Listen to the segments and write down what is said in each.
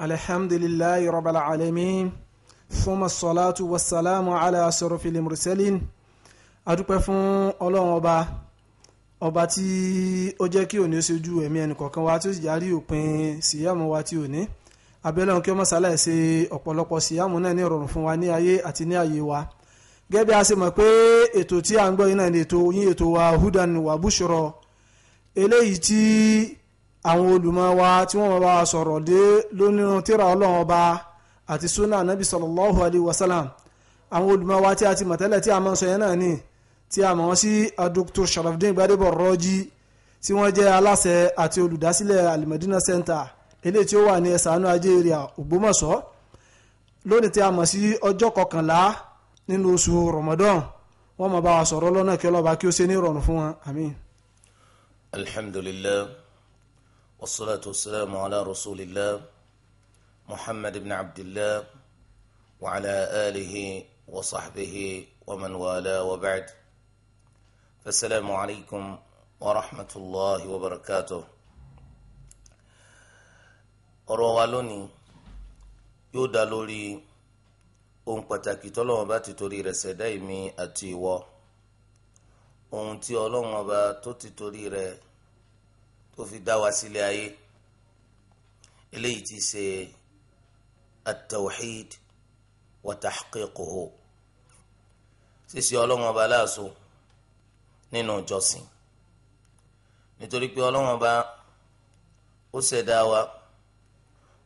الحمد لله رب العالمين ثم الصلاة والسلام على أشرف المرسلين adúpẹ́ fún ọlọ́run ọba ọba tí ó jẹ́ kí òní ó ṣojú ẹ̀mí ẹnìkọ̀ọ̀kan wa tí ó sì járí òpin síyàmù wa tí òní abẹ́lẹ́hùn kí ó mọ̀sálà ṣe ọ̀pọ̀lọpọ̀ síyàmù náà ní ìrọ̀rùn fún wa ní ayé àti ní ayé wa gẹ́gẹ́ a ṣe mọ̀ pé ètò tí à ń gbọ́ yìí náà ni ètò yín ètò wa hudan wa bushro eléyìí tí àwọn olùmọ̀ wa tí wọ́n bá wa sọ̀rọ̀ dé lónìí tíra ọlọ́run ọba àti sunna anabi sallallahu alayhi wa sallam àwọn olùmọ̀ wa tí a ti mọ̀ tí a máa sọ náà ni tí a mọ̀ wọ́n sí Dr. Sharafdin Gbadebo Rọ́jí tí wọ́n jẹ́ aláṣẹ àti olùdásílẹ̀ Alimadina Center eléyìí tí ó wà ní ẹ̀sánú ajé èrè Ògbómọ̀ṣọ́ lónìí tí a mọ̀ sí ọjọ́ kọkànlá nínú oṣù Ramadan wọ́n máa bá wa sọ̀rọ̀ lọ́nà kí ọlọ́ba kí ó ṣe ní ìrọ̀rùn fún wọn àmín. alhamdulillah. والصلاة والسلام على رسول الله محمد بن عبد الله وعلى آله وصحبه ومن والاه وبعد فالسلام عليكم ورحمة الله وبركاته ọ̀rọ̀ wa lónìí yóò dá lórí ohun pàtàkì tọ́lọ́wọ́n bá ti torí rẹ̀ ṣẹ̀dá èmi àti ìwọ ohun tí ọlọ́wọ́n bá tó ti torí rẹ̀ ṣẹ̀dá tó fi dá wa sílé ayé eléyìí ti ṣe at-tawhid wa tahqiquhu ṣíṣe ọlọ́run ọba láàṣọ nínú ìjọsìn nítorí pé ọlọ́run ọba ó ṣẹ̀dá wa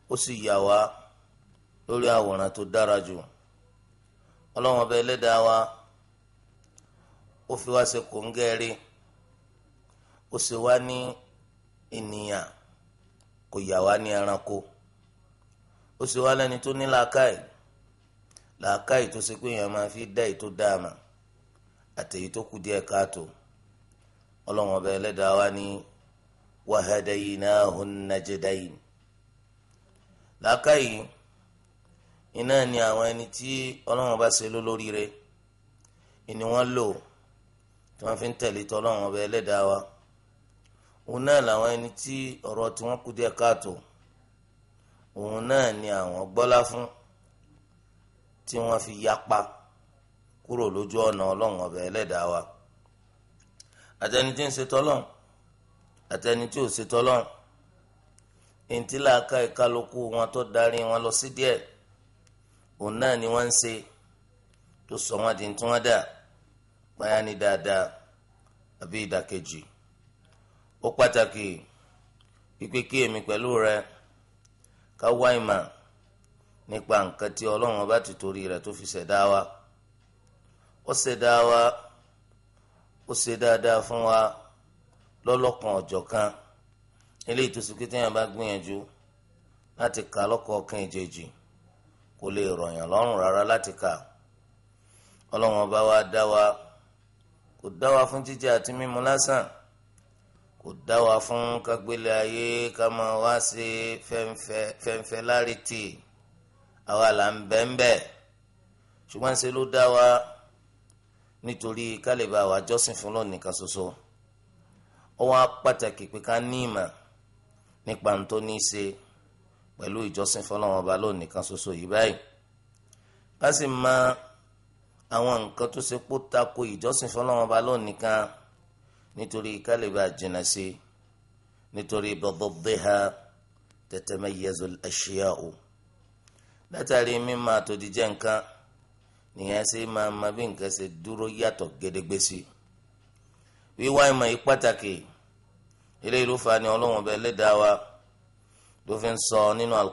ó sì yà wá lórí àwòrán tó dára jù ọlọ́run ọba ẹlẹ́dàá wa ó fi wá ṣe kòńgẹ́rì ó sì wá ní ènìyàn kò yà wá ní ẹranko ó sì wá lẹ́ni tó ní làákàyè làákàyè tó ṣe pé èèyàn máa fi dá èyí tó dáàmà àti èyí tó kù díẹ̀ káàtó ọlọ́wọ́n ọba ẹlẹ́dàá wa ní wahadaynahu najdayn làákàyè iná ni àwọn ẹni tí ọlọ́wọ́n bá ṣe lólóríire ìní wọ́n lò tí wọ́n fi ń tẹ̀lé tọ́lọ́wọ́n ọba ẹlẹ́dàá wa òun náà làwọn ẹni tí ọ̀rọ̀ tí wọ́n kú díẹ̀ káàtó òun náà ni àwọn gbọ́lá fún tí wọ́n fi yapa kúrò lójú ọ̀nà ọlọ́run ọ̀bẹ ẹlẹ́dàá wa àtẹni tí ń ṣe tọ́lọ́n àtẹni tí ò ṣe tọ́lọ́n ìntìlá aka ìkálukú wọn tó darí wọn lọ sí díẹ̀ òun náà ni wọ́n ń ṣe tó sọ wọn di tí wọ́n dà báyà ní dáadáa àbí ìdàkejì ó pàtàkì pípé kí èmi pẹ̀lú rẹ ká wá ìmọ̀ nípa nǹkan tí ọlọ́run ọba ti torí rẹ̀ tó fi ṣẹ̀dá wa ó ṣẹ̀dá wa ó ṣe dáadáa fún wa lọ́lọ́kan ọ̀jọ̀kan eléyìí tó sùn kété yẹn bá gbìyànjú láti kà lọ́kọ̀ọ̀kan ìjèjì kò lè rọ̀yàn lọ́rùn rárá láti kà ọlọ́run ọba wa dá wa kò dá wa fún jíjẹ àti mímu lásán kò dá wa fún kágbélé ayé ká máa wá sí fẹ́ǹfẹ́ láretì àwa là ń bẹ́ńbẹ́ ṣùgbọ́n ṣe ló dá wa nítorí kálíbà wa jọ́sìn fún lọ́ọ̀ nìkan ṣoṣo ó wá pàtàkì pé ká ní ìmọ̀ nípa ohun tó ní í ṣe pẹ̀lú ìjọsìn fọlọ́wọn ọba lọ́ọ̀ nìkan ṣoṣo yìí báyìí ká sì mọ àwọn nǹkan tó ṣe pó tako ìjọsìn fọlọ́wọn ọba lọ́ọ̀ nìkan nítorí kálíbà jìnnà sí nítorí bididdiha tatamayyazu al-ashya'u látàrí mímọ àtòjíjẹ nǹkan nìyẹn sì máa ma bí nǹkan ṣe dúró yàtọ̀ gédégbé sí wíwá ìmọ̀ yìí pàtàkì ilé ìlúfà ni ọlọ́wọ́n bẹ lẹ́dàá wa ló fi ń sọ nínú al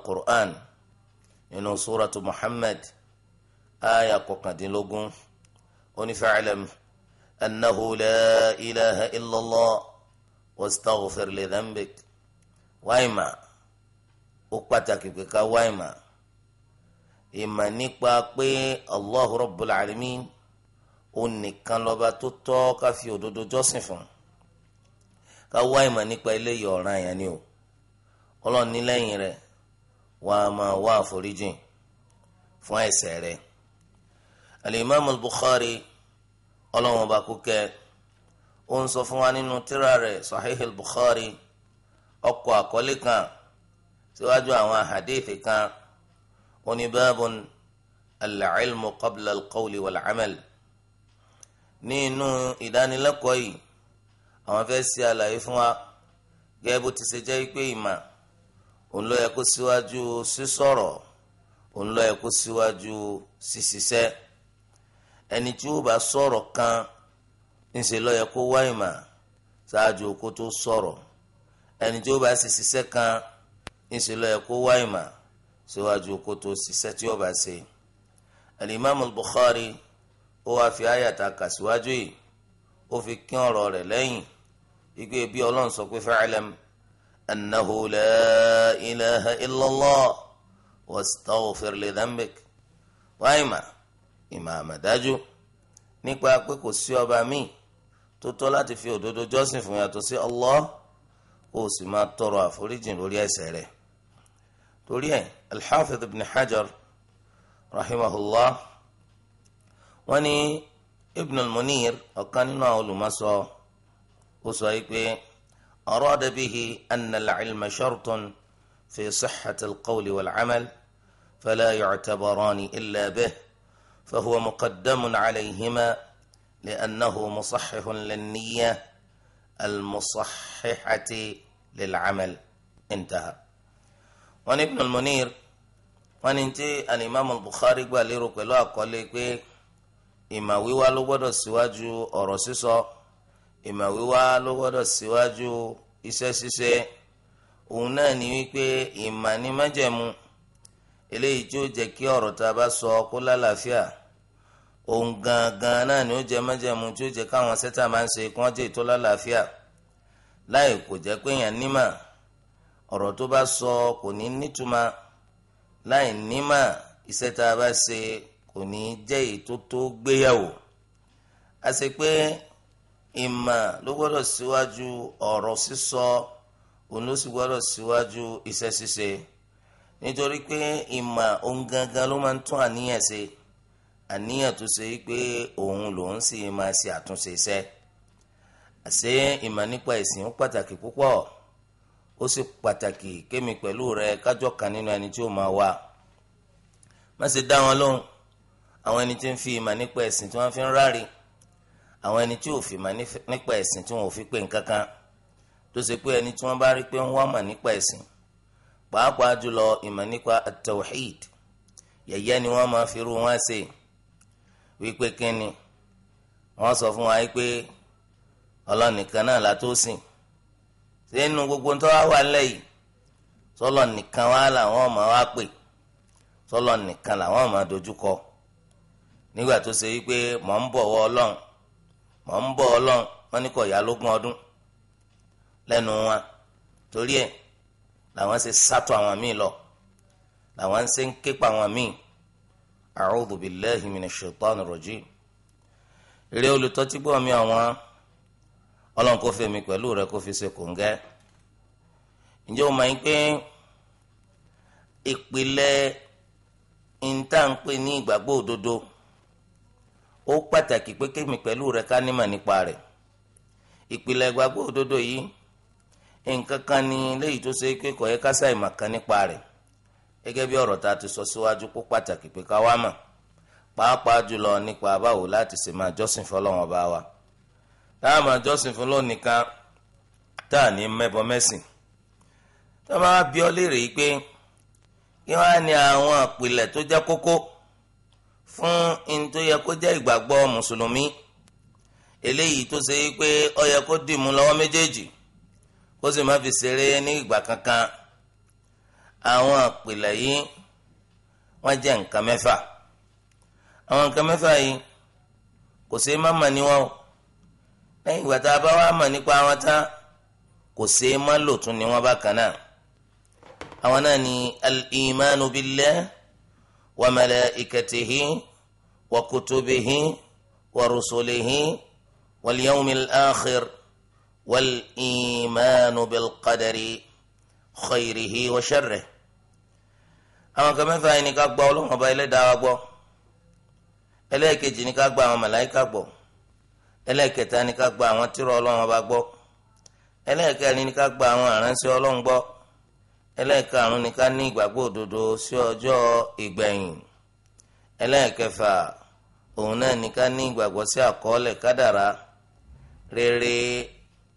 nínú suratu Muhammad aya kọkàndínlógún onífẹ́ àlẹ́mù. أنه لا إله إلا الله واستغفر لذنبك وايما أقبتك بك وايما ìmọ̀ nípa pé allahu rabbul alamin òun nìkan lọ́ba tó tọ́ ká fi òdodo jọ́sìn fún ká wá ìmọ̀ nípa eléyìí ọ̀ràn àyàn ni o ọlọ́run ní lẹ́yìn rẹ̀ wà á máa wá àforíjìn fún ẹ̀ṣẹ̀ rẹ̀ al-imam al-bukhari ọlọ́run ọba kò kẹ́ ó ń sọ fún wa nínú tírà rẹ̀ sahihil bukhari ọkọ̀ àkọlé kan síwájú àwọn àhàdéèfé kan oníbàbọ̀n al-ilmu qabla al-qawli wal-amal ní inú ìdánilẹ́kọ̀ọ́ yìí àwọn fẹ́ ṣe àlàyé fún wa gẹ́gẹ́ bó ti ṣe jẹ́ pé ìmọ̀ òun ló yẹ kó síwájú sísọ̀rọ̀ òun ló yẹ kó síwájú síṣiṣẹ́. Si ẹni tí ó bá sọ̀rọ̀ kan ńṣe ló yẹ kó wá ìmọ̀ ṣáájú kó tó sọ̀rọ̀ ẹni tí ó bá sì ṣiṣẹ́ kan ńṣe ló yẹ kó wá ìmọ̀ ṣíwájú kó tó ṣiṣẹ́ tí ó bá ṣe. alimami Bukhari ó wá fi àyàtà kà síwájú yìí ó fi kín ọ̀rọ̀ rẹ̀ lẹ́yìn igbe bí ọlọ́run sọ pé fa'lam annahu la ilaha illallah wastaghfir li dhanbik wáyìmọ̀ ìmọ̀ àmọ̀dájú nípa pé kò sí ọba míì tó tọ́ láti fi òdodo jọ́sìn fún yàtọ̀ sí Allah ó sì máa tọrọ àforíjìn lórí ẹ̀ṣẹ̀ rẹ̀ torí ẹ̀ al-Hafidh ibn Hajar rahimahullah wọ́n ní ibn al-Munir ọ̀kan nínú àwọn olùmọ̀sọ ó sọ yìí pé arada bihi anna al-ilma fi sihhati al-qawli wal-amal fala yu'tabarani illa فهو مقدم عليهما لأنه مصحح للنية المصححة للعمل انتهى وعن ابن المنير wọ́n ní tí alimami Bukhari gbà lérò pẹ̀lú àkọlé pé ìmọ̀ wíwá ló gbọ́dọ̀ síwájú ọ̀rọ̀ sísọ ìmọ̀ wíwá ló gbọ́dọ̀ síwájú iṣẹ́ ṣíṣe òun náà ní wípé ìmọ̀ ní májẹ̀mú eléyìí tí ó jẹ́ kí ọ̀rọ̀ tá a bá sọ kó lálàáfíà. La òun gangan náà ni ó jẹ májẹ̀mú tí ó jẹ káwọn sẹ́tà máa ń ṣe kí wọ́n jẹ́ ìtọ́ lálàáfíà láì kò jẹ́ pé èèyàn nímà ọ̀rọ̀ tó bá sọ kò ní nítumà láì nímà iṣẹ́ tá a bá ṣe kò ní jẹ́ ètò tó gbéyàwó a ṣe pé ìmà ló gbọ́dọ̀ síwájú ọ̀rọ̀ sísọ òun ló sì gbọ́dọ̀ síwájú iṣẹ́ ṣíṣe nítorí pé ìmà òun gangan ló máa ń tún àníyàn ṣe àníyàn tó ṣe pé òun lòun sì máa ṣe àtúnṣe iṣẹ́ àṣé ìmọ̀ nípa ìsìn ó pàtàkì púpọ̀ ó sì pàtàkì kémi pẹ̀lú rẹ kájọ́ kan nínú ẹni tí ó máa wà má ṣe dá wọn lóhùn àwọn ẹni tí ń fi ìmọ̀ nípa ẹ̀sìn tí wọ́n fi ń ráre àwọn ẹni tí ò fi ìmọ̀ nípa ẹ̀sìn tí wọ́n fi pé nǹkan kan tó ṣe pé ẹni tí wọ́n bá rí pé ń wá mọ̀ nípa ẹ̀sìn pàápàá jùlọ ìmọ̀ nípa at yẹ̀yẹ́ ni wọ́n máa fi rú wọn ṣe wípé kínni wọ́n sọ fún wa wípé ọlọ́nìkan náà la tó sìn sínú gbogbo tó wá wà lẹ́yìn sọlọ nìkan wá làwọn ọmọ wa pè sọlọ nìkan làwọn ọmọ dojúkọ nígbà tó ṣe wípé mọ̀ ń bọ̀ wọ ọlọ́run mọ̀ ń bọ̀ ọlọ́run wọ́n ní kọ̀ ya lógún ọdún lẹ́nu wọn. torí ẹ̀ làwọn ṣe sátọ̀ àwọn míì lọ làwọn ṣe ń képa àwọn míì a'udhu billahi minash ire rajim eré olùtọ́tígbọ́ mi àwọn ọlọ́run kò fẹ́ mi pẹ̀lú rẹ kó fi ṣe ǹjẹ́ o máa ń pé ìpìlẹ̀ ìntànpé ní ìgbàgbọ́ òdodo ó pàtàkì pé kémi pẹ̀lú rẹ ká nímọ̀ nípa rẹ̀ ìpìlẹ̀ ìgbàgbọ́ òdodo yìí nǹkan kan ni léyìí tó ṣe pé kò yẹ ká gẹ́gẹ́ bí ọ̀rọ̀ ta ti sọ síwájú kó pàtàkì pé ká wá mọ̀ pàápàá jùlọ nípa báwo láti ṣe máa jọ́sìn fún ọlọ́wọ́n bá wa a máa jọ́sìn fún lónìí kan a ní mẹ́bọ mẹ́sìn tó bá bí ọ léèrè yìí pé kí wọ́n á ní àwọn àpilẹ̀ tó jẹ́ kókó fún tó yẹ kó jẹ́ ìgbàgbọ́ mùsùlùmí eléyìí tó ṣe é pé àwọn àpìlẹ̀ yìí wọ́n jẹ́ nǹkan mẹ́fà àwọn nǹkan mẹ́fà yìí kò ṣeé má mà níwọ̀n o lẹ́yìn ìgbà tá a bá wá mà nípa àwọn tán kò ṣeé má lò tún ni wọ́n bá kan náà àwọn náà ni al-imanu billah wa malaikatihi wa kutubihi wa rusulihi wal yawmil akhir wal imanu bil qadari khayrihi wa àwọn kan mẹ́fà yìí ni ká gbọ́ ọlọ́run ọba ẹlẹ́dàá wa gbọ́ ẹlẹ́ẹ̀kejì ni ká gba àwọn màláìka gbọ́ ẹlẹ́ẹ̀kẹta ni ká gba àwọn tírà ọlọ́run ọba gbọ́ ẹlẹ́ẹ̀kẹrin ni ká gba àwọn àránṣẹ́ ọlọ́run gbọ́ ẹlẹ́ẹ̀karùn ni ká ní ìgbàgbọ́ òdodo sí ọjọ́ ìgbẹ̀yìn ẹlẹ́ẹ̀kẹfà òun náà ni ká ní ìgbàgbọ́ sí àkọọ́lẹ̀ kádàrá rere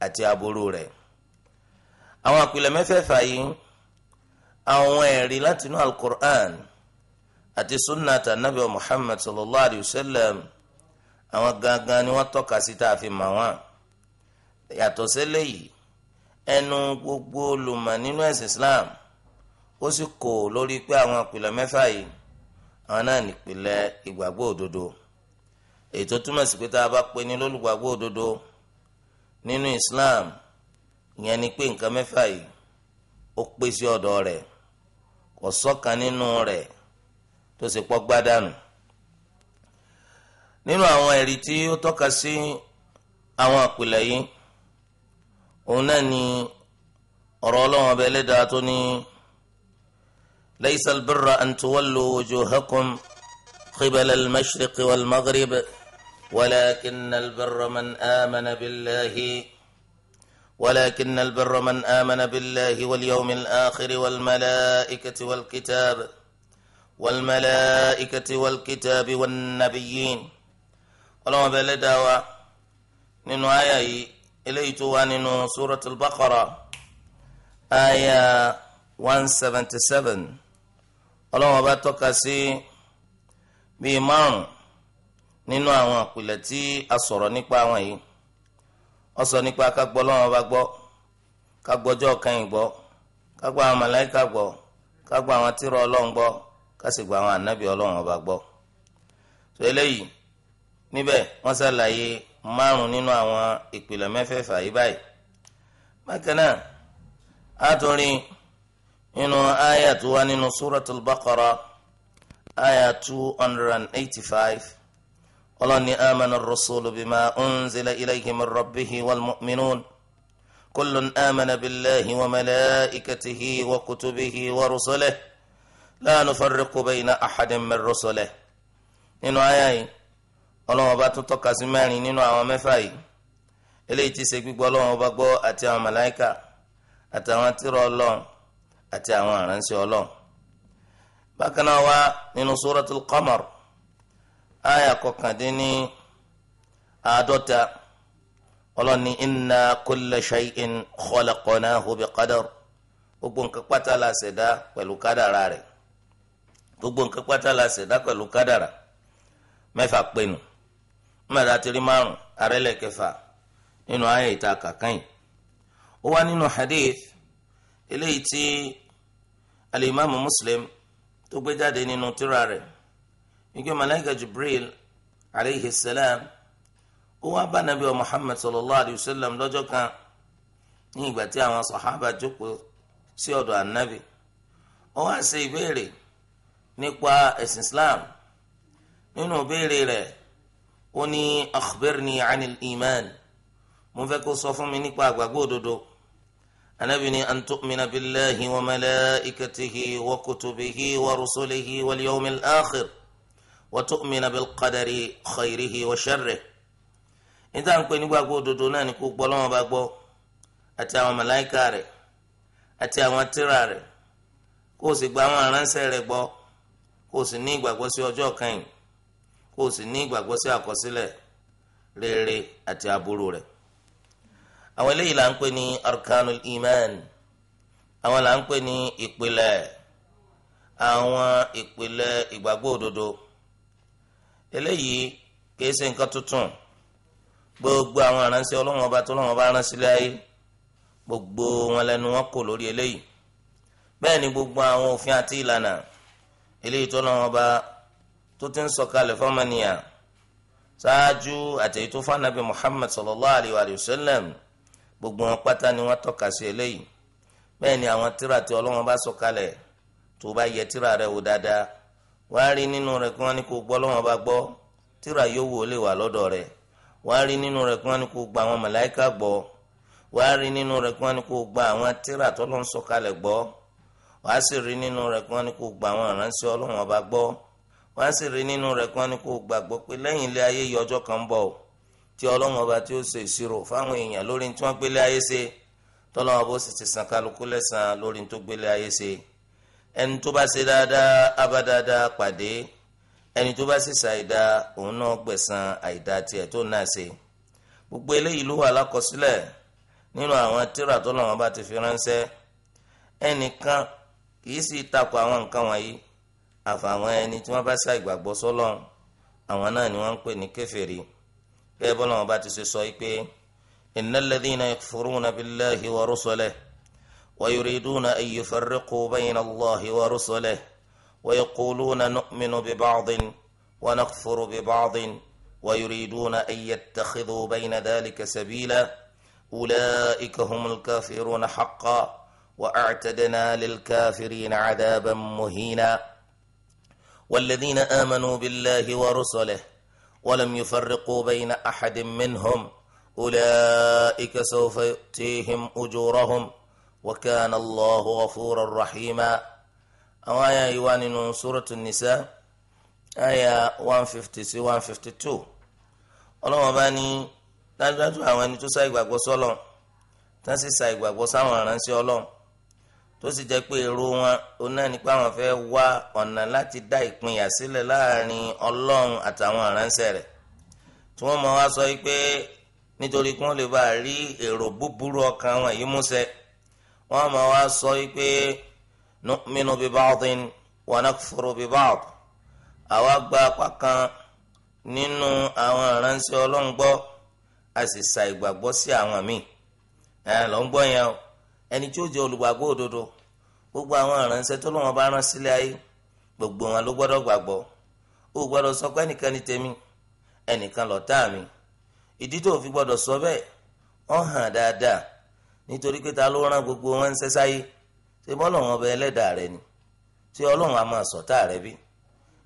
àti aburú rẹ̀ àwọn àpilẹ̀ mẹ́fẹ̀ẹ̀fà yìí àwọn ẹ̀rí láti inú alukur'an àti sunnata nabi muhammad sallallahu alayhi wa sallam àwọn gangan ni wọ́n tọ́ka sí tá a fi mà wọ́n yàtọ̀ sílẹ̀ yìí ẹnu gbogbo olùmọ̀ nínú ẹ̀sìn islam ó sì kò lórí pé àwọn ìpìlẹ̀ mẹ́fà yìí àwọn náà nípìlẹ̀ ìgbàgbọ́ òdodo èyí túmọ̀ sí pé tá a bá pe ní lólùgbàgbọ́ òdodo nínú islam ìyẹn ni pé nǹkan mẹ́fà yìí ó pèsè ọ̀dọ̀ rẹ̀ kò sọ́kan nínú rẹ̀ tó ṣe pọ́ gbádànù nínú àwọn ẹ̀rí tí ó tọ́ka sí àwọn àpìlẹ̀ yìí òun náà ni ọ̀rọ̀ ọlọ́run ọba ẹlẹ́dàá tó ní laysal birra an tuwallu qibala al-mashriqi wal-maghribi man amana billahi. ولكن البر من آمن بالله واليوم الآخر والملائكة والكتاب والملائكة والكتاب والنبيين ولما بلدوا ننو آية إليتوا وننو سورة البقرة آية 177 ọlọ́wọ́n bá tọ́ka sí bíi márùn-ún nínú àwọn àpilẹ̀ tí wọ́n sọ nípa kágbọ́ lọ́wọ́ bá gbọ́ kágbọ́jọ́ kẹyìn gbọ́ kágbọ́ àwọn màláíkà gbọ́ kágbọ́ àwọn tírà ọlọ́run gbọ́ kásìgbọ́ àwọn ànábì ọlọ́run ọba gbọ́. tó eléyìí níbẹ̀ wọ́n ṣàlàyé márùn-ún nínú àwọn ìpìlẹ̀ mẹ́fẹ̀ẹ̀fà yìí báyìí. bákan náà a tún rí nínú àyà tó wá nínú Suratul Baqara àyà two hundred and eighty-five ọlọ́ni amana rasulu bima unzila ilayhi min rabbihi wal mu'minun kullun amana billahi wa malaikatihi wa kutubihi wa rusulihi la nufarriqu bayna ahadin min rusulihi nínú àyà yìí ọlọ́wọ́n bá tún tọ́ka sí mẹ́rin nínú àwọn mẹ́fà yìí eléyìí ti ṣe gbígbọ́ ọlọ́wọ́n bá gbọ́ àti àwọn màláìkà àtàwọn tírà ọlọ́run àti àwọn àránṣẹ́ ọlọ́run bákan náà wá nínú suratul qamar aya kọkàndínní àádọ́ta ọlọ́ni inna kulla shay'in khalaqnahu bi qadar gbogbo nǹkan pátá la ṣẹ̀dá pẹ̀lú kádàrá rẹ̀ gbogbo nǹkan pátá la ṣẹ̀dá pẹ̀lú kádàrá mẹ́fà pinnu mẹ́ta tiri márùn arẹ́lẹ̀ kẹfà nínú ayé ìta kàkán yìí ó wá nínú hadith eléyìí tí alimami muslim tó gbé jáde nínú tírà rẹ̀ ike malayika jibril aleyhi salam ó wá bá nabi wa muhammad sallallahu alayhi wa sallam lọ́jọ́ kan ní ìgbà tí àwọn sàhábà jókòó sí ọ̀dọ̀ anabi ó wá ṣe ìbéèrè nípa ẹ̀sìn islam nínú ìbéèrè rẹ̀ ó ní akhbirni anil iman mo fẹ́ kó sọ fún mi nípa àgbàgbọ́ òdodo anabi ni an tu'mina billahi wa malaikatihi wa kutubihi wa rusulihi wal yawmil akhir wa tu'mina bil qadari khayrihi wa sharrihi níta ń pè nígbàgbọ́ òdodo náà ní kó gbọ́ lọ́wọ́ bá gbọ́ àti àwọn màláìka rẹ̀ àti àwọn tírà rẹ̀ kó o sì gba àwọn aránṣẹ́ rẹ̀ gbọ́ kó o sì ní ìgbàgbọ́ sí ọjọ́ kẹyìn kó o sì ní ìgbàgbọ́ sí àkọsílẹ̀ rere àti aburú rẹ̀ àwọn eléyìí là ń pè ní arkanul iman àwọn là ń pè ní ìpìlẹ̀ àwọn ìpìlẹ̀ ìgbàgbọ́ òdodo eléyìí kìí ṣe nǹkan tuntun gbogbo àwọn aránṣẹ́ Ọlọ́run ọba tó Ọlọ́run ọba ránṣẹ́ láyé gbogbo wọn lẹ́nu wọn kò lórí eléyìí bẹ́ẹ̀ ni gbogbo àwọn òfin àti ìlànà eléyìí tó Ọlọ́run ọba tó ti ń sọ̀kalẹ̀ fọ́mọnìyà ṣáájú àtẹ̀yí tó fànàbí Muhammad sallallahu alayhi wa sallam gbogbo wọn pátá ni wọ́n tọ́ka sí eléyìí bẹ́ẹ̀ ni àwọn tírà tí Ọlọ́run ọba sọ̀kalẹ̀ tó bá yẹ tírà rẹ̀ wò dáadáa wàá rí nínú rẹ̀ kí wọ́n ní kó gbọ́ lọ́wọ́ bá gbọ́ tíra yóò wò ó lè wà lọ́dọ̀ rẹ̀ wàá rí nínú rẹ̀ kí wọ́n ní kó gba àwọn màláìka gbọ́ wàá rí nínú rẹ̀ kí wọ́n ní kó gba àwọn tíra tó lọ́n sọ̀kalẹ̀ gbọ́ wàá sì rí nínú rẹ̀ kí wọ́n ní kó gba àwọn ìránṣẹ́ ọlọ́wọ́n bá gbọ́ wàá sì rí nínú rẹ̀ kí wọ́n ní kó gbàgbọ́ pé lẹ́yìn ilé ayé yìí ọjọ́ kan bọ̀ tí ọlọ́wọ́n ọba tí ó ṣe ìṣirò ẹni tó bá ṣe dáadáa abádáadáa pàdé ẹni tó bá sì ṣàìdá òun náà gbẹ̀san àìdá tiẹ̀ tó náà ṣe gbogbo eléyìí ló wà lákọsílẹ̀ nínú àwọn tírà tó làwọn bá ti fi ránṣẹ́ ẹnìkan kìí sì takò àwọn nǹkan wọ̀nyí àfàwọn ẹni tí wọ́n bá ṣe ìgbàgbọ́ sọ́lọ́run àwọn náà ni wọ́n ń pè ní kèfèrí bẹ́ẹ̀ bọ́lá bá ti ṣe sọ yìí pé innal ladhina yakfuruna ويريدون أن يفرقوا بين الله ورسله ويقولون نؤمن ببعض ونكفر ببعض ويريدون أن يتخذوا بين ذلك سبيلا أولئك هم الكافرون حقا وأعتدنا للكافرين عذابا مهينا والذين آمنوا بالله ورسله ولم يفرقوا بين أحد منهم أولئك سوف يؤتيهم أجورهم وكان الله غفورا رحيما أو آية يوان سورة النساء آية 152 ọlọ́wọ́n bá ní dájúdájú àwọn ẹni tó sá ìgbàgbọ́ ìgbàgbọ́ sáwọn aránṣẹ́ ọlọ́run tó sì jẹ́ pé èrò wọn ó nípa àwọn fẹ́ wá ọ̀nà láti dá ìpínyà sílẹ̀ láàrin ọlọ́run àtàwọn aránṣẹ́ rẹ̀ tí wọ́n mọ̀ wá sọ pé nítorí kí wọ́n lè bá rí èrò búburú ọkàn wọn wọ́n máa wá sọ pé nu'minu bi ba'din wa nakfuru bi ba'd àwa gba apá kan nínú àwọn ìránṣẹ́ ọlọ́run gbọ́ a sì sa ìgbàgbọ́ sí àwọn míì ẹ lọ gbọ́ yẹn o ẹni tí ó jẹ́ olùgbàgbọ́ òdodo gbogbo àwọn ìránṣẹ́ tó lọ́wọ́ bá rán sílé ayé gbogbo wọn ló gbọ́dọ̀ gbàgbọ́ ó gbọ́dọ̀ sọ pé ẹnìkan ni tèmi ẹnìkan lọ̀tá mi ìdí tó fi gbọ́dọ̀ sọ bẹ́ẹ̀ ó dáadáa nítorí pé ta ló rán gbogbo wọn ń sẹ́sáyé ṣé bọ́lọ́run ọba ẹlẹ́dàá rẹ ni ṣé ọlọ́run a máa sọ̀tá rẹ bí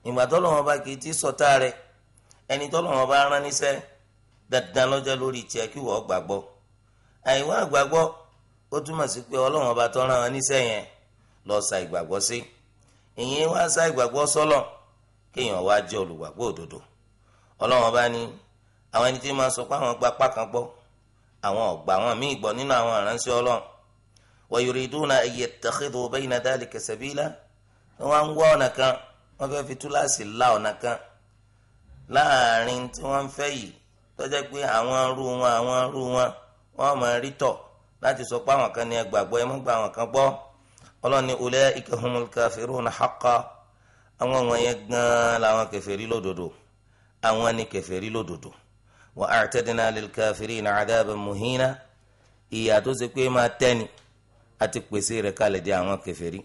ìgbà tọ́lọ́run ọba kì í ti sọ̀tá rẹ ẹni tọ́lọ́run ọba rán níṣẹ́ dandan lọ́jọ́ lórí tiẹ̀ kí wọ́n gbàgbọ́ àìwá àgbàgbọ́ ó túmọ̀ sí pé ọlọ́run ọba tó rán wọn níṣẹ́ yẹn lọ sa ìgbàgbọ́ sí ìyẹn wá sa ìgbàgbọ́ sọ́lọ̀ kéèyàn wá jẹ́ olùgbàgbọ́ òdodo ọlọ́run ọba ní àwọn ẹni tí àwọn ọ̀gbà àwọn míì gbọ́ nínú àwọn aránṣẹ́ ọlọ́run wa yuriduna an yattakhidhu bayna dhalika sabila wọ́n ń wá ọ̀nà kan wọ́n fẹ́ fi túláàsì la ọ̀nà kan láàrin tí wọ́n ń fẹ́ yìí tó jẹ́ pé àwọn arú wọn àwọn arú wọn wọ́n máa rí tọ̀ láti sọ pé àwọn kan ní ẹgbàgbọ́ ẹ mọ́gbà àwọn kan gbọ́ ọlọ́ni ulaika humul kafiruna haqqa àwọn wọ̀nyẹn gan-an làwọn kèfèrí lódodo àwọn ni kèfèrí lódodo wa a'tadna lil kafirina adhaban muhina ìyà tó ṣe pé máa tẹ́ni àti pèsè rẹ̀ kalẹ̀ di àwọn kèfèrí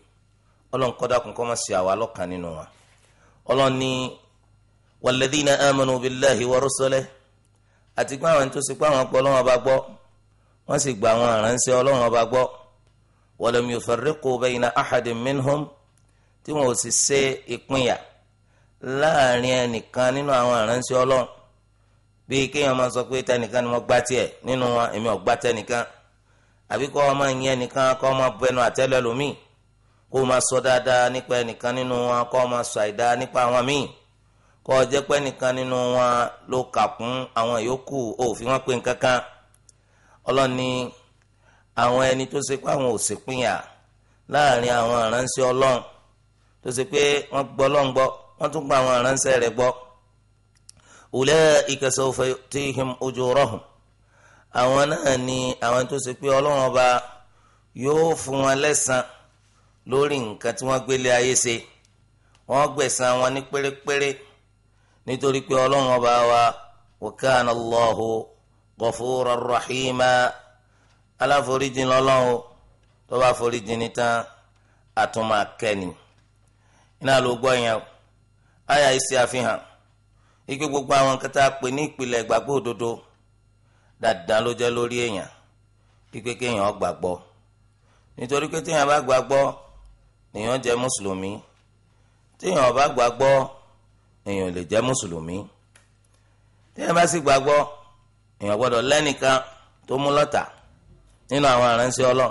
ọlọ́run kọ́dá kún kọ́ máa ṣe àwa lọ́kàn nínú wa ọlọ́run ní walladhina amanu billahi wa rusulihi àti pé àwọn tó ṣe pé àwọn pọ̀ ọlọ́run ọba gbọ́ wọ́n sì gba àwọn àránṣẹ́ ọlọ́run ọba gbọ́ walam yufarriqu bayna ahadin minhum tí wọn ò sì ṣe ìpínyà láàrin ẹnìkan nínú àwọn àránṣẹ́ ọlọ́run bíi kéèyàn máa sọ pé tẹnìkan ni mo gbá tiẹ̀ nínú wọn èmi ò gbá tẹnìkan àbí kọ́ ọmọ ìyẹn nìkan kọ́ ọmọ bẹnu àtẹ́lẹ̀ lómi kó o máa sọ dáadáa nípa ẹnìkan nínú wọn kọ́ ọ máa sọ àìdá nípa àwọn míì kọ́ ọ jẹ́ pé ẹnìkan nínú wọn ló kà kún àwọn yòókù ò fi wọ́n pé nǹkan ọlọ́ni àwọn ẹni tó ṣe pé àwọn ò sì pínyà láàrin àwọn ìránṣẹ́ ọlọ́run tó ṣe pé wọ́n gbọ́ ọlọ́run gbọ́ wọ́n tún gba àwọn ìránṣẹ́ rẹ̀ gbọ́ ulaika sawfa yu'tihim ujurahum awon naa ni awon to ṣe pe ọlọ́run ọba yóò fún wọn lẹ́san lórí nǹkan tí wọ́n gbélé ayé ṣe wọ́n gbẹ̀san wọn ní pérépéré nítorí pé ọlọ́run ọba wa wakana kana Allahu ghafuran rahima aláforíjìn lọ́lọ́run tó bá foríjìn ní tán àtúmọ̀ akẹ́ni iná ló gbọ́ yẹn àyà ìṣe àfihàn. ikpe gbogbo àwọn kẹta pè ní ìpìlẹ̀ ìgbàgbọ́ òdodo dáadáa ló jẹ́ lórí èèyàn ikpe kéèyàn gbàgbọ́ nítorí pé téèyàn bá gbàgbọ́ nìyàn jẹ́ mùsùlùmí téèyàn bá gbàgbọ́ nìyàn lè jẹ́ mùsùlùmí téèyàn bá sì gbàgbọ́ nìyàn gbọ́dọ̀ lẹ́nìkan tó mú lọ́tà nínú àwọn aránṣẹ́ ọlọ́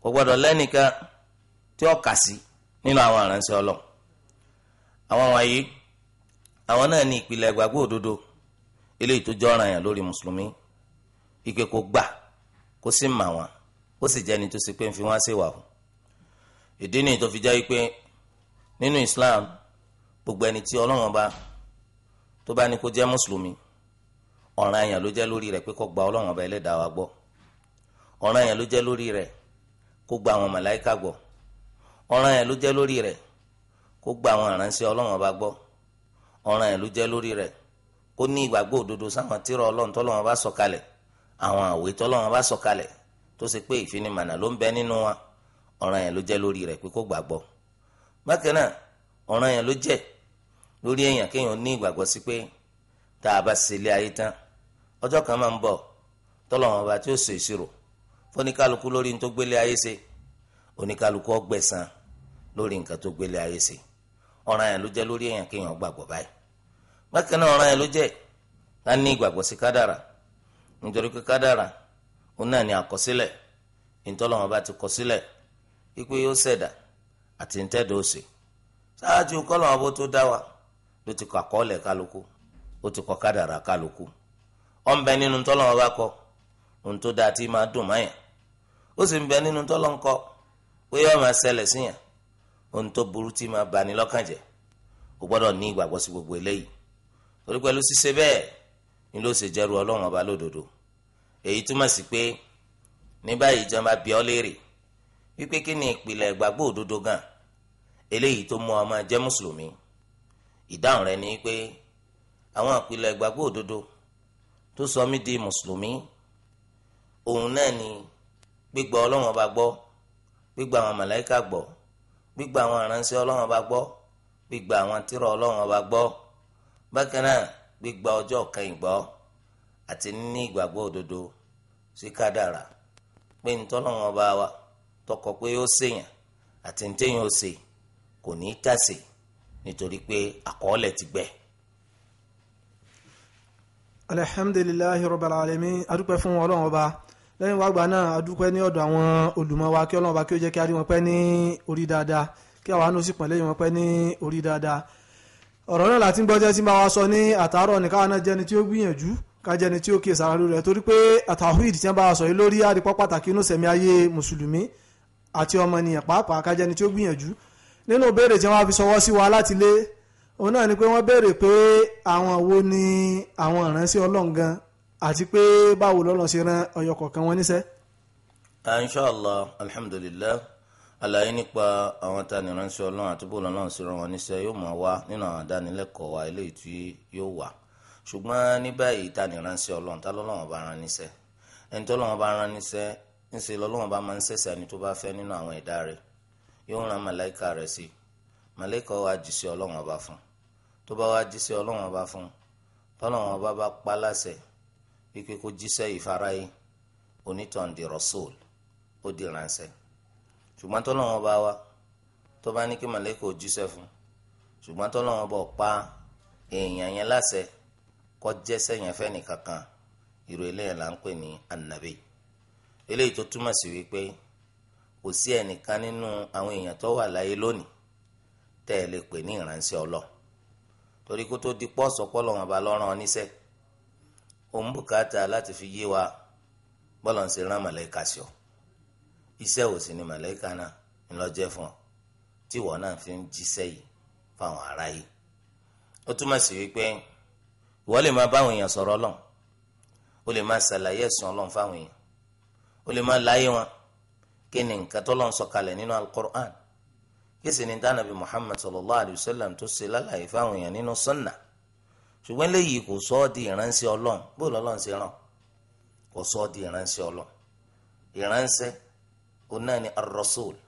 kò gbọ́dọ̀ lẹ́nìkan tí ó kà sí nínú àwọn aránṣẹ́ ọlọ́ àwọn wọ̀nyí àwọn náà ní ìpìlẹ̀ ìgbàgbọ́ òdodo eléyìí tó jọ́ràn yàn lórí mùsùlùmí ike kó gbà kó sì mà wọn ó sì jẹ́ni tó ṣe pé ń fi wọ́n ṣèwà o ìdí nìyí tó fi jẹ́ pé nínú Islam gbogbo ẹni tí Ọlọ́run bá tó bá ní kó jẹ́ mùsùlùmí ọ̀ràn yàn ló jẹ́ lórí rẹ̀ pé kó gba Ọlọ́run ọba ẹlẹ́dàá wa gbọ́ ọ̀ràn yàn ló jẹ́ lórí rẹ̀ kó gba àwọn màláìka gbọ́ ọ̀ràn yàn ló jẹ́ lórí rẹ̀ kó gba àwọn àránṣẹ́ Ọlọ́run ọba gbọ́ ọ̀ràn ẹ̀ ló jẹ́ lórí rẹ̀ kó ní ìgbàgbọ́ òdodo sáwọn tírà ọlọ́run tọ́lọ́run bá sọkalẹ àwọn àwé tọ́lọ́run bá sọ̀kalẹ̀ tó ṣe pé ìfinimànà ló ń bẹ nínú wa ọ̀ràn yẹn ló jẹ́ lórí rẹ̀ pé kó gbàgbọ́ bákan náà ọ̀ràn yẹn ló jẹ́ lórí èèyàn kéèyàn ní ìgbàgbọ́ sí pé tá a bá ṣe ayé tán ọjọ́ kan máa ń bọ̀ tọ́lọ́run bá tí ó ṣe ìṣirò fóníkálukú lórí ní tó gbélé ayé ṣe oníkálukú ó gbẹ̀san lórí nǹkan tó gbélé ayé ṣe ọ̀ràn yẹn ló jẹ́ lórí èèyàn kéèyàn gbàgbọ́ báyìí bákan náà ọ̀ràn yẹn ló jẹ́ ká ní ìgbàgbọ́ sí kádàrà nítorí pé kádàrà òun náà ni àkọsílẹ̀ ìtọ́lọ́wọ́n bá ti kọ sílẹ̀ wípé yóò ṣẹ̀dá àti ntẹ́dọ̀ òsè ṣáájú kọ àkọọ́lẹ̀ kálukú ó ti kọ kádàrà kálukú kọ ohun tó dáa máa dùn máyà ohun tó burú tí máa bani lọ́kàn jẹ́ o gbọ́dọ̀ ní ìgbàgbọ́ sí gbogbo eléyìí torí pẹ̀lú ṣíṣe bẹ́ẹ̀ ni ló ṣe jẹ́rú ọlọ́run ọba lódodo èyí túmọ̀ sí pé ní báyìí ìjọba bí ọ léèrè wípé kí ni ìpìlẹ̀ ìgbàgbọ́ òdodo gan eléyìí tó mú ọ máa jẹ́ mùsùlùmí ìdáhùn rẹ̀ ni pé àwọn ìpìlẹ̀ ìgbàgbọ́ òdodo tó sọ mí di mùsùlùmí òun náà ni gbígbà ọlọ́run ọba gbọ́ gbígbà àwọn màláìka gbọ́ gbígba àwọn àránṣẹ́ ọlọ́run ọba gbọ́ gbígba àwọn tírà ọlọ́run ọba gbọ́ bákan náà gbígba ọjọ́ kẹyìn gbọ́ àti níní ìgbàgbọ́ òdodo sí kádàrà pé ntọ́lọ́run ọba wa tọkọ pé ó ṣèyàn àti ntẹ́yìn ó ṣe kò ní í tàsé nítorí pé àkọọ́lẹ̀ ti gbẹ. alhamdulillahi rabbil alamin adúpẹ́ fún ọba lẹ́yìn wàgbà náà adúpẹ́ ní ọ̀dọ̀ àwọn olùmọ̀ wa kí ọlọ́run bá kí ó jẹ́ kí a rí wọn pẹ́ ní orí dáadáa kí àwa náà sì pọ̀ lẹ́yìn wọn pẹ́ ní orí dáadáa ọ̀rọ̀ náà láti ń gbọ́ jẹ́ tí máa wá sọ ní àtàárọ̀ ní káwọn náà jẹni tí ó gbìyànjú ká jẹni tí ó kíyè sára lórí rẹ̀ torí pé àtàwíìdì tí wọ́n bá sọ yìí lórí àdìpọ́ pàtàkì inú sẹ̀mí ayé mùsùlùmí àti ọmọnìyàn pàápàá ká àti pé báwo lọ́nà ṣe rán ọyọ kọ̀ọ̀kan wọn níṣẹ́. inshallah alhamdulillah àlàyé nípa àwọn tá a nìránṣẹ́ ọlọ́run àti bó lọ́nà ṣe rán wọn níṣẹ́ yóò máa wá nínú àwọn àdánilẹ́kọ̀ọ́ wa eléyìí tí yóò wà ṣùgbọ́n ní báyìí tá a nìránṣẹ́ ọlọ́run tá lọ́lọ́run bá rán níṣẹ́ ẹni tó lọ́wọ́ bá rán níṣẹ́ ńṣe lọ́lọ́run bá máa ń ṣẹ̀ṣẹ̀ ẹni tó bá fẹ́ nínú àwọn ẹ̀dá rẹ̀ yóò rán màláìka rẹ̀ sí màláìka wa jíṣẹ́ ọlọ́run ọba fún tó bá wa jíṣẹ́ ọlọ́run ọba fún tọ́lọ́run ọba bá pa láṣẹ wípé kó jíṣẹ́ ìfaráyé onítàn di rasul ó di ránṣẹ́ ṣùgbọ́n tọ́lọ́wọ́n bá wa tó bá ní kí màlẹ́kọ̀ jíṣẹ́ fún ṣùgbọ́n tọ́lọ́wọ́n bọ̀ pa èèyàn yẹn láṣẹ kó jẹ́ṣẹ́ yẹn fẹ́ nìkankan irú eléyàn là ń pè ní anabi eléyìí tó túmọ̀ sí wípé kò sí ẹnìkan nínú àwọn èèyàn tó wà láyé lónìí tẹ́ ẹ lè pè ní ìránṣẹ́ ọlọ́ torí kó tó di pọ́ sọ́pọ́ lọ́wọ́n bá lọ́rùn oníṣẹ́ òun bùkátà láti fi yé wa bọ́lá ń ṣe rán màlẹ́kà sí ọ iṣẹ́ òsì ni màlẹ́kà náà ńlọ́jẹ́ fún ọ tí ìwọ náà fi ń jíṣẹ́ yìí fáwọn ará yìí ó túmọ̀ sí wípé ìwọ lè máa báwọn èèyàn sọ̀rọ̀ ọlọ́run ó lè máa ṣàlàyé ẹ̀sùn ọlọ́run fáwọn èèyàn ó lè máa láyé wọn kí ni nǹkan tó lọ́n sọ kalẹ̀ nínú al kí sì ni dáná bíi Muhammad sallallahu alayhi wa sallam tó ṣe lálàyé fáwọn èèyàn nínú sunnah ṣùgbọ́n léyìí kò sọ ọ́ di ìránṣẹ́ ọlọ́run bó lọ́lọ́run ṣe rán kò sọ ọ́ di ìránṣẹ́ ọlọ́run ìránṣẹ́ òun náà ni arọ́sọ́ọ̀lù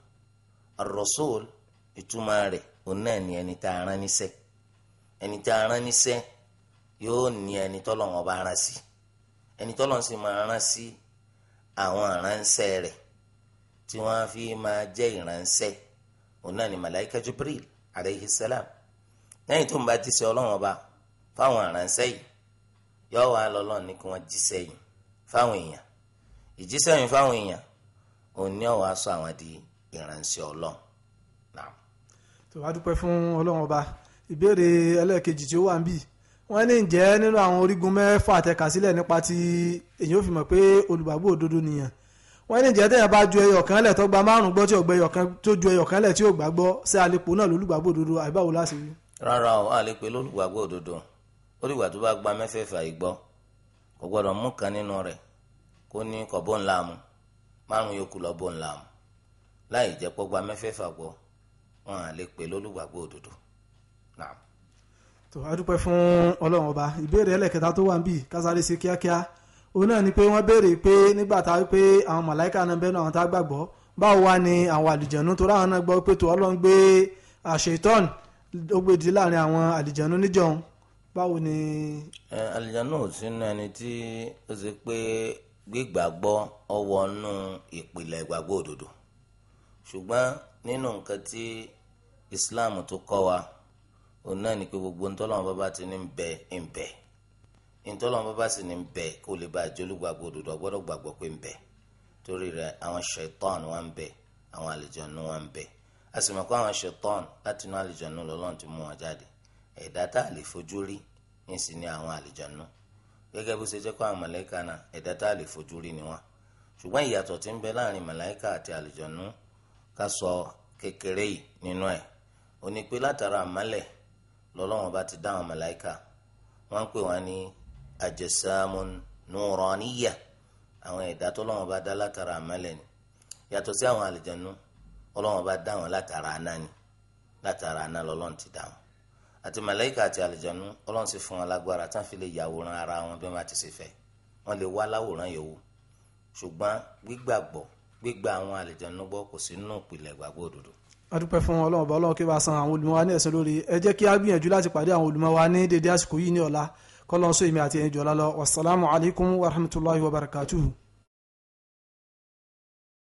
arọ́sọ́ọ̀lù ìtumọ̀ rẹ̀ òun náà ni ẹni tá a rán níṣẹ́ ẹni tá a rán níṣẹ́ yóò ní ẹni tọ́lọ́run ọba rán sí ẹni tọ́lọ́run sì máa rán sí àwọn ìránṣẹ́ rẹ̀ tí wọ́n fi máa jẹ́ ìránṣẹ́ òun náà ni malaika Jibril alayhi salam lẹ́yìn tó ń bá ti ṣe ọlọ́run ọba fáwọn aránṣẹ́ yìí yọ wà lọ́lọ́run ní kí wọ́n jíṣẹ́ yìí fáwọn èèyàn ìjíṣẹ́ yìí fáwọn èèyàn òun ni ọ̀wá sọ àwọn di ìránṣẹ́ ọlọ́run. tó wàá dúpẹ́ fún ọlọ́run ọba ìbéèrè ẹlẹ́ẹ̀kejì tí ó wà ń bì wọ́n ní ǹjẹ́ nínú àwọn orígun mẹ́fà àtẹ̀kásílẹ̀ nípa ti èyàn ò fi mọ̀ pé olùgbàgbọ́ òdodo nìyàn wọ́n ní ǹjẹ́ tẹ̀yàn bá ju ẹyọ kan lẹ̀ tó gba márùn-ún gbọ́ tí ò gbẹ ẹyọ kan tó ju ẹyọ kan lẹ̀ tí ò gbàgbọ́ ṣé àlepò náà lólùgbàgbọ́ òdodo àbí báwo la ṣe rárá o àlepè lólùgbàgbọ́ òdodo ó dìgbà tó bá gba mẹ́fẹ̀ẹ̀fà ìgbọ́ kò gbọ́dọ̀ mú kan nínú rẹ̀ kó ní kọ̀ bó ńlá mu márùn yòókù lọ bó ńlá mu láì jẹ́ pọ́ gba mẹ́fẹ̀ẹ̀fà gbọ́ wọn à lè pè lólùgbàgbọ́ òdodo. tó a dúpẹ́ fún ọlọ́run ọba ìbéèrè ẹlẹ́kẹta tó wà ń bì kásáré sí kíákíá òun náà ni pé wọ́n béèrè pé nígbà tá a pé àwọn màláìka náà bẹ́ẹ̀ náà àwọn tá a gbàgbọ́ báwo wá ni àwọn àlìjẹ̀nu tó ráwọn náà gbọ́ pé tó ọlọ́run gbé àṣetọ́n ó gbèdí láàrin àwọn àlìjẹ̀nu níjọ́un báwo ni. àlìjáná ò sínú ẹni tí ó ṣe pé gbígbàgbọ́ ọwọ́ nù ìpìlẹ̀ ìgbàgbọ́ òdodo ṣùgbọ́n nínú nǹkan tí Islam tó kọ́ wa òun náà ni pé gbogbo ntọ́lọ́wọ́n bàbá ti ní bẹ ń bẹ ntọ́lọ́wọ́n bàbá sì ní bẹ kó lè bá àjọlùgbàgbọ́ òdodo ọgbọ́dọ̀ gbàgbọ́ pé ń bẹ torí rẹ̀ àwọn ṣẹ̀tọ́n wà ń bẹ àwọn àlìjọ̀nù wà ń bẹ a sì mọ̀ pé àwọn ṣẹ̀tọ́n látinú àlìjọ̀nù lọ́lọ́run ti mú wọn jáde ẹ̀dá tá a lè fojú rí níṣì ni àwọn àlìjànú gẹ́gẹ́ bó ṣe jẹ́ pé àwọn màláíkà náà ẹ̀dá tá a lè fojú rí ni wọ́n ṣùgbọ́n ìyàtọ̀ tí ń bẹ láàrin màláíkà àti àlìjànú ká sọ kékeré yìí nínú ẹ̀ ó ní pé látara àmálẹ̀ lọ́lọ́wọ́n bá ti dá àwọn màláíkà wọ́n ń pè wọ́n ní àjẹsàmùn àwọn ẹ̀dá tó lọ́wọ́n bá dá látara àmálẹ̀ ni yàtọ̀ sí àwọn àlìjànú ọlọ́wọ́n bá dá wọn látara àná ni látara àná lọ́lọ́run ti dá wọn àti màláìka àti àlìjánu ọlọ́run sì fún wọn lágbára tán fi lè yàwòrán ara wọn bí wọ́n bá ti ṣe fẹ́ wọ́n lè wá láwòrán yòówù ṣùgbọ́n gbígbàgbọ́ gbígbà àwọn àlìjánu gbọ́ kò sí nínú ìpìlẹ̀ ìgbàgbọ́ òdodo. a dúpẹ́ fún ọlọ́run ọba ọlọ́run kí wàá san àwọn olùmọ̀ wa ní ẹ̀sán lórí ẹ jẹ́ kí a gbìyànjú láti pàdé àwọn olùmọ̀ wa ní dédé àsìkò yìí ní ọ̀la kọ́lọ́n sọ èmi àti ẹ̀yin jọ̀ọ́lá lọ wàsálàmù alaykum wa rahmatulahi wa barakatuhu.